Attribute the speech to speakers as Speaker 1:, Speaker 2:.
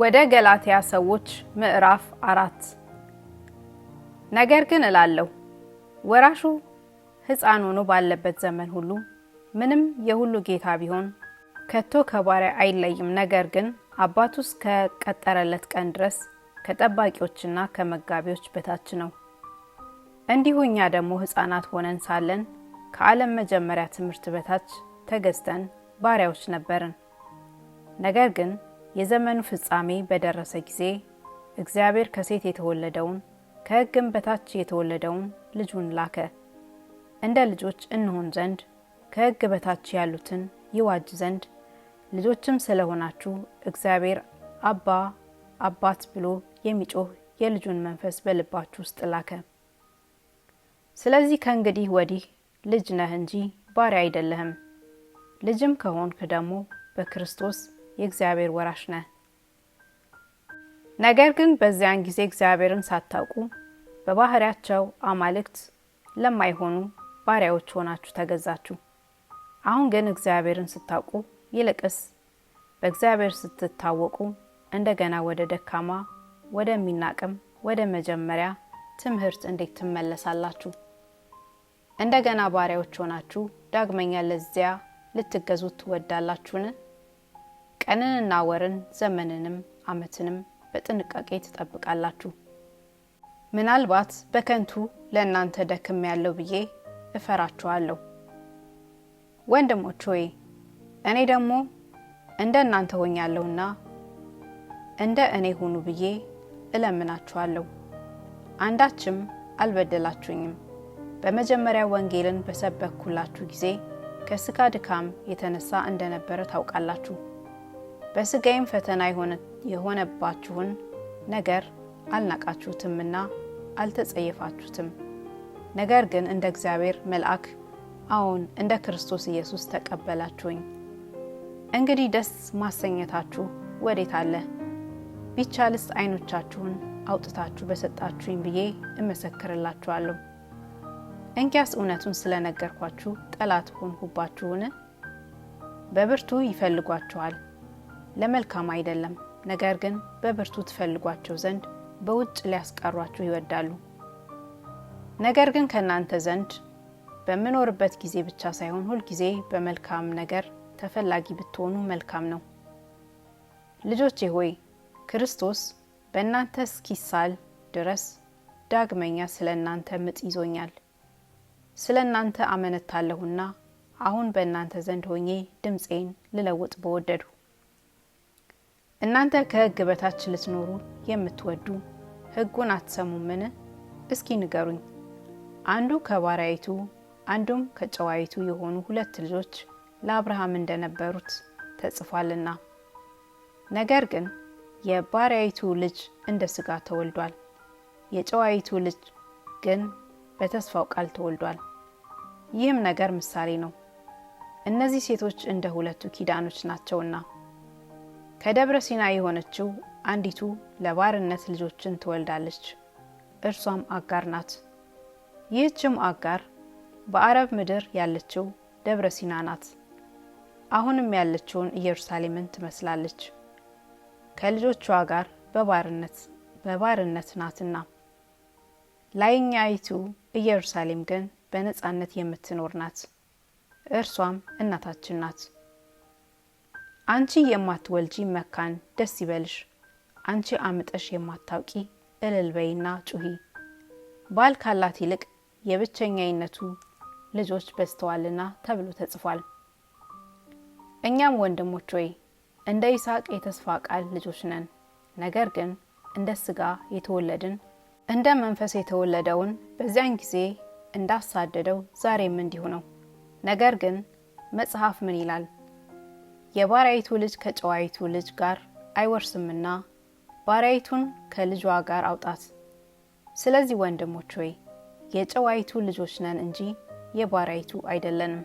Speaker 1: ወደ ገላትያ ሰዎች ምዕራፍ አራት ነገር ግን እላለሁ ወራሹ ሕፃን ሆኖ ባለበት ዘመን ሁሉ ምንም የሁሉ ጌታ ቢሆን ከቶ ከባሪያ አይለይም። ነገር ግን አባቱ እስከቀጠረለት ቀን ድረስ ከጠባቂዎችና ከመጋቢዎች በታች ነው። እንዲሁ እኛ ደግሞ ሕፃናት ሆነን ሳለን ከዓለም መጀመሪያ ትምህርት በታች ተገዝተን ባሪያዎች ነበርን። ነገር ግን የዘመኑ ፍጻሜ በደረሰ ጊዜ እግዚአብሔር ከሴት የተወለደውን ከሕግም በታች የተወለደውን ልጁን ላከ፣ እንደ ልጆች እንሆን ዘንድ ከሕግ በታች ያሉትን ይዋጅ ዘንድ። ልጆችም ስለሆናችሁ እግዚአብሔር አባ አባት ብሎ የሚጮህ የልጁን መንፈስ በልባችሁ ውስጥ ላከ። ስለዚህ ከእንግዲህ ወዲህ ልጅ ነህ እንጂ ባሪያ አይደለህም። ልጅም ከሆንክ ደግሞ በክርስቶስ የእግዚአብሔር ወራሽ ነ ነገር ግን በዚያን ጊዜ እግዚአብሔርን ሳታውቁ በባህሪያቸው አማልክት ለማይሆኑ ባሪያዎች ሆናችሁ ተገዛችሁ። አሁን ግን እግዚአብሔርን ስታውቁ ይልቅስ በእግዚአብሔር ስትታወቁ እንደገና ወደ ደካማ ወደሚናቅም ወደ መጀመሪያ ትምህርት እንዴት ትመለሳላችሁ? እንደገና ባሪያዎች ሆናችሁ ዳግመኛ ለዚያ ልትገዙ ትወዳላችሁን? ቀንንና ወርን ዘመንንም አመትንም በጥንቃቄ ትጠብቃላችሁ። ምናልባት በከንቱ ለእናንተ ደክም ያለው ብዬ እፈራችኋለሁ። ወንድሞች ሆይ እኔ ደግሞ እንደ እናንተ ሆኛለሁና እንደ እኔ ሆኑ ብዬ እለምናችኋለሁ። አንዳችም አልበደላችሁኝም። በመጀመሪያ ወንጌልን በሰበኩላችሁ ጊዜ ከስጋ ድካም የተነሳ እንደነበረ ታውቃላችሁ። በስጋይም ፈተና የሆነባችሁን ነገር አልናቃችሁትምና አልተጸየፋችሁትም። ነገር ግን እንደ እግዚአብሔር መልአክ አዎን እንደ ክርስቶስ ኢየሱስ ተቀበላችሁኝ። እንግዲህ ደስ ማሰኘታችሁ ወዴት አለ? ቢቻልስ ዓይኖቻችሁን አውጥታችሁ በሰጣችሁኝ ብዬ እመሰክርላችኋለሁ። እንኪያስ እውነቱን ስለነገርኳችሁ ጠላት ሆንሁባችሁን? በብርቱ ይፈልጓችኋል ለመልካም አይደለም። ነገር ግን በብርቱ ትፈልጓቸው ዘንድ በውጭ ሊያስቀሯችሁ ይወዳሉ። ነገር ግን ከእናንተ ዘንድ በምኖርበት ጊዜ ብቻ ሳይሆን ሁልጊዜ በመልካም ነገር ተፈላጊ ብትሆኑ መልካም ነው። ልጆቼ ሆይ ክርስቶስ በእናንተ እስኪሳል ድረስ ዳግመኛ ስለ እናንተ ምጥ ይዞኛል። ስለ እናንተ አመነታለሁና አሁን በእናንተ ዘንድ ሆኜ ድምፄን ልለውጥ በወደዱ እናንተ ከሕግ በታች ልትኖሩ የምትወዱ ሕጉን አትሰሙምን? እስኪ ንገሩኝ። አንዱ ከባሪያይቱ አንዱም ከጨዋይቱ የሆኑ ሁለት ልጆች ለአብርሃም እንደነበሩት ተጽፏልና። ነገር ግን የባሪያይቱ ልጅ እንደ ስጋ ተወልዷል፣ የጨዋይቱ ልጅ ግን በተስፋው ቃል ተወልዷል። ይህም ነገር ምሳሌ ነው፣ እነዚህ ሴቶች እንደ ሁለቱ ኪዳኖች ናቸውና። ከደብረ ሲና የሆነችው አንዲቱ ለባርነት ልጆችን ትወልዳለች። እርሷም አጋር ናት። ይህችም አጋር በአረብ ምድር ያለችው ደብረ ሲና ናት። አሁንም ያለችውን ኢየሩሳሌምን ትመስላለች፣ ከልጆቿ ጋር በባርነት በባርነት ናትና። ላይኛይቱ ኢየሩሳሌም ግን በነጻነት የምትኖር ናት። እርሷም እናታችን ናት። አንቺ የማትወልጂ መካን ደስ ይበልሽ፣ አንቺ አምጠሽ የማታውቂ እልልበይና ጩሂ። ባል ካላት ይልቅ የብቸኛይነቱ ልጆች በዝተዋልና ተብሎ ተጽፏል። እኛም ወንድሞች ሆይ እንደ ይስሐቅ የተስፋ ቃል ልጆች ነን። ነገር ግን እንደ ስጋ የተወለድን እንደ መንፈስ የተወለደውን በዚያን ጊዜ እንዳሳደደው ዛሬም እንዲሁ ነው። ነገር ግን መጽሐፍ ምን ይላል? የባሪያይቱ ልጅ ከጨዋይቱ ልጅ ጋር አይወርስምና ባሪያይቱን ከልጇ ጋር አውጣት። ስለዚህ ወንድሞች ሆይ የጨዋይቱ ልጆች ነን እንጂ የባሪያይቱ አይደለንም።